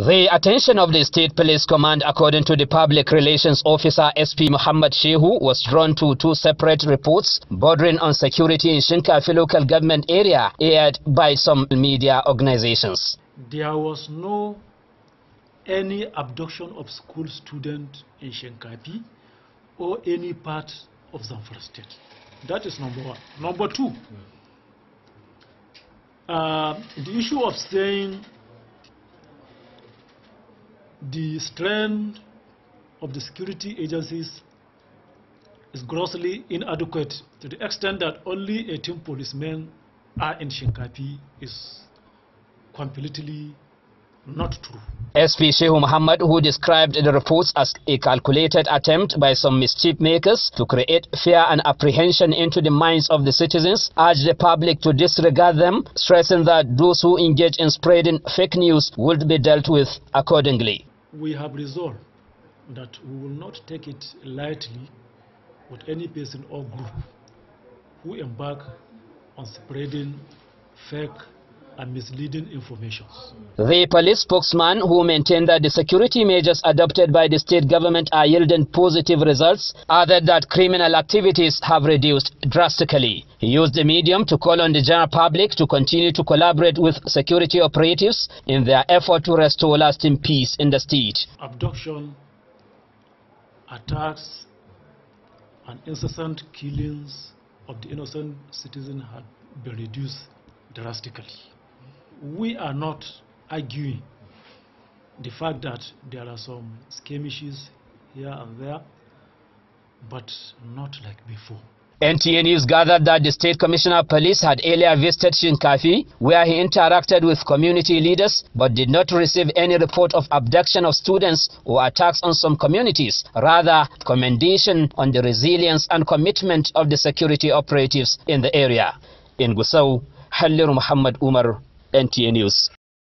The attention of the State Police Command, according to the Public Relations Officer SP Muhammad Shehu, was drawn to two separate reports bordering on security in Shinkafi local government area aired by some media organizations. There was no any abduction of school students in Shinkafi or any part of Zamfara State. That is number one. Number two, uh, the issue of saying the strength of the security agencies is grossly inadequate to the extent that only 18 policemen are in Shinkafi is completely not true. SP Shehu Muhammad, who described the reports as a calculated attempt by some mischief makers to create fear and apprehension into the minds of the citizens, urged the public to disregard them, stressing that those who engage in spreading fake news would be dealt with accordingly we have resolved that we will not take it lightly with any person or group who embark on spreading fake and misleading information. The police spokesman who maintained that the security measures adopted by the state government are yielding positive results added that criminal activities have reduced drastically. He used the medium to call on the general public to continue to collaborate with security operatives in their effort to restore lasting peace in the state. Abduction, attacks, and incessant killings of the innocent citizen have been reduced drastically we are not arguing the fact that there are some skirmishes here and there, but not like before. NTA News gathered that the State Commissioner of Police had earlier visited Shinkafi, where he interacted with community leaders but did not receive any report of abduction of students or attacks on some communities, rather commendation on the resilience and commitment of the security operatives in the area. In Gusau, Halliru Muhammad Umar, NTA News.